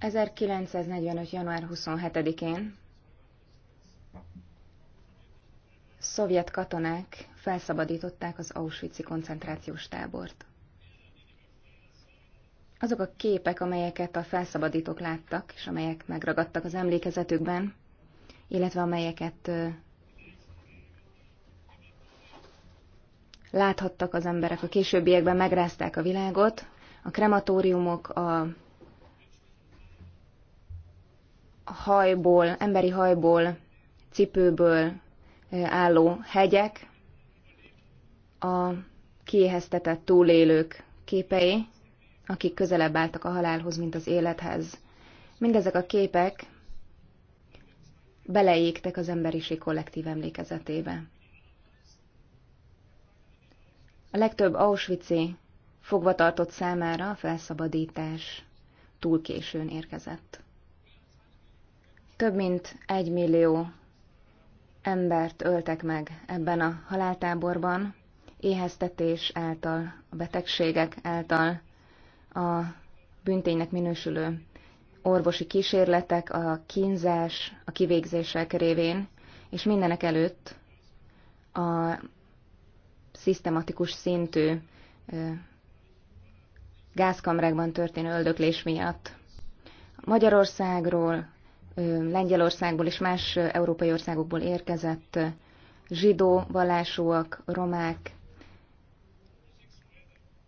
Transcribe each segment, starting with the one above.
1945. január 27-én szovjet katonák felszabadították az Auschwitz-i koncentrációs tábort. Azok a képek, amelyeket a felszabadítók láttak, és amelyek megragadtak az emlékezetükben, illetve amelyeket láthattak az emberek a későbbiekben, megrázták a világot, a krematóriumok, a hajból, emberi hajból, cipőből álló hegyek, a kiéheztetett túlélők képei, akik közelebb álltak a halálhoz, mint az élethez. Mindezek a képek beleégtek az emberiség kollektív emlékezetébe. A legtöbb Auschwitz-i fogvatartott számára a felszabadítás túl későn érkezett. Több mint egy millió embert öltek meg ebben a haláltáborban, éheztetés által, a betegségek által, a bünténynek minősülő orvosi kísérletek, a kínzás, a kivégzések révén, és mindenek előtt a szisztematikus szintű gázkamrákban történő öldöklés miatt. Magyarországról, Lengyelországból és más európai országokból érkezett zsidó, vallásúak, romák,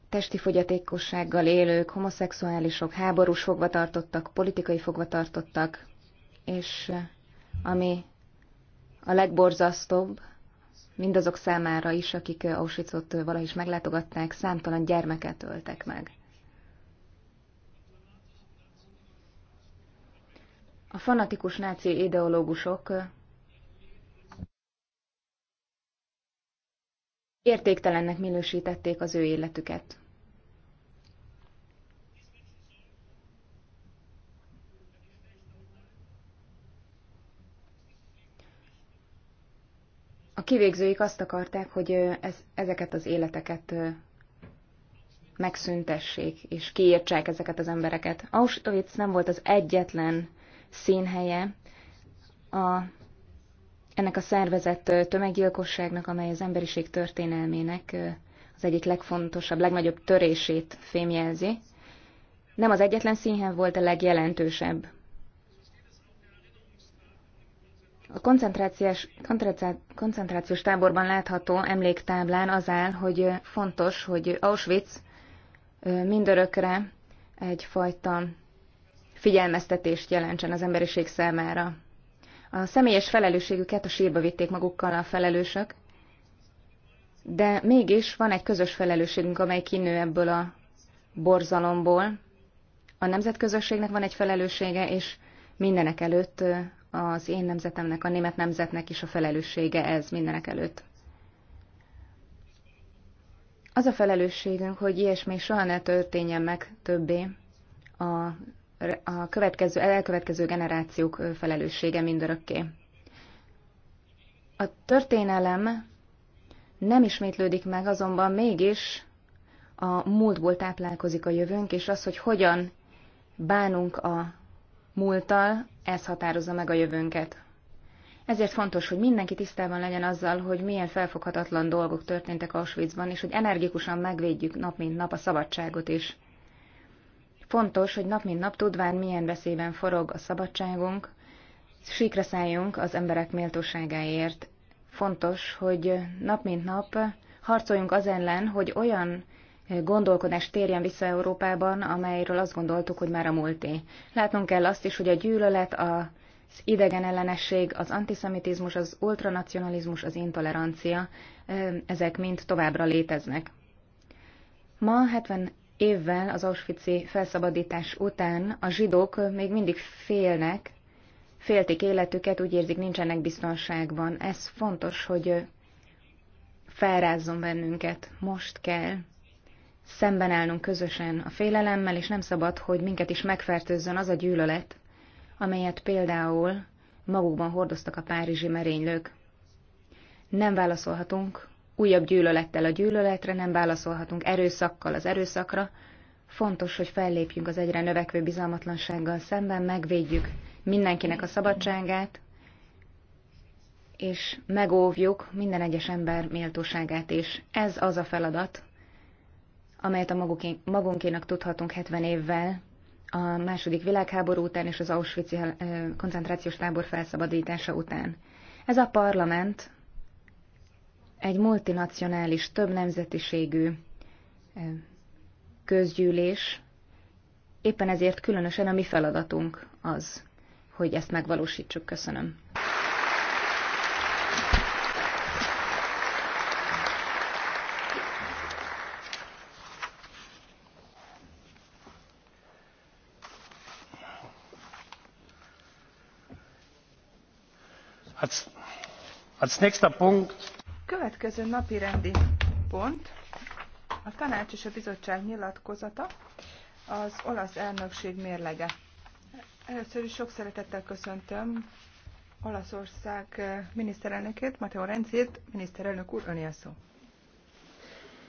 testi fogyatékossággal élők, homoszexuálisok, háborús fogvatartottak, politikai fogvatartottak, és ami a legborzasztóbb, mindazok számára is, akik Auschwitzot valahogy is meglátogatták, számtalan gyermeket öltek meg. a fanatikus náci ideológusok értéktelennek minősítették az ő életüket. A kivégzőik azt akarták, hogy ez, ezeket az életeket megszüntessék, és kiértsák ezeket az embereket. Auschwitz nem volt az egyetlen színhelye a, ennek a szervezett tömeggyilkosságnak, amely az emberiség történelmének az egyik legfontosabb, legnagyobb törését fémjelzi. Nem az egyetlen színhely volt a legjelentősebb. A koncentrációs, koncentrációs táborban látható emléktáblán az áll, hogy fontos, hogy Auschwitz mindörökre egyfajta figyelmeztetést jelentsen az emberiség számára. A személyes felelősségüket a sírba vitték magukkal a felelősök, de mégis van egy közös felelősségünk, amely kinő ebből a borzalomból. A nemzetközösségnek van egy felelőssége, és mindenek előtt az én nemzetemnek, a német nemzetnek is a felelőssége ez mindenek előtt. Az a felelősségünk, hogy ilyesmi soha ne történjen meg többé a a következő, elkövetkező generációk felelőssége mindörökké. A történelem nem ismétlődik meg, azonban mégis a múltból táplálkozik a jövőnk, és az, hogy hogyan bánunk a múlttal, ez határozza meg a jövőnket. Ezért fontos, hogy mindenki tisztában legyen azzal, hogy milyen felfoghatatlan dolgok történtek Auschwitzban, és hogy energikusan megvédjük nap mint nap a szabadságot is. Fontos, hogy nap mint nap tudván milyen veszélyben forog a szabadságunk, síkra szálljunk az emberek méltóságáért. Fontos, hogy nap mint nap harcoljunk az ellen, hogy olyan gondolkodás térjen vissza Európában, amelyről azt gondoltuk, hogy már a múlté. Látnunk kell azt is, hogy a gyűlölet, a idegen idegenellenesség, az antiszemitizmus, az ultranacionalizmus, az intolerancia, ezek mind továbbra léteznek. Ma 70 évvel az Auschwitz-i felszabadítás után a zsidók még mindig félnek, félték életüket, úgy érzik, nincsenek biztonságban. Ez fontos, hogy felrázzon bennünket. Most kell szemben állnunk közösen a félelemmel, és nem szabad, hogy minket is megfertőzzön az a gyűlölet, amelyet például magukban hordoztak a párizsi merénylők. Nem válaszolhatunk újabb gyűlölettel a gyűlöletre nem válaszolhatunk, erőszakkal az erőszakra. Fontos, hogy fellépjünk az egyre növekvő bizalmatlansággal szemben, megvédjük mindenkinek a szabadságát, és megóvjuk minden egyes ember méltóságát és Ez az a feladat, amelyet a magunkénak tudhatunk 70 évvel a második világháború után és az Auschwitz koncentrációs tábor felszabadítása után. Ez a parlament egy multinacionális, több nemzetiségű közgyűlés, éppen ezért különösen a mi feladatunk az, hogy ezt megvalósítsuk. Köszönöm. Als nächster Punkt következő napi rendi pont a tanács és a bizottság nyilatkozata, az olasz elnökség mérlege. Először is sok szeretettel köszöntöm Olaszország eh, miniszterelnökét, Matteo Renzét, miniszterelnök úr, ön a szó.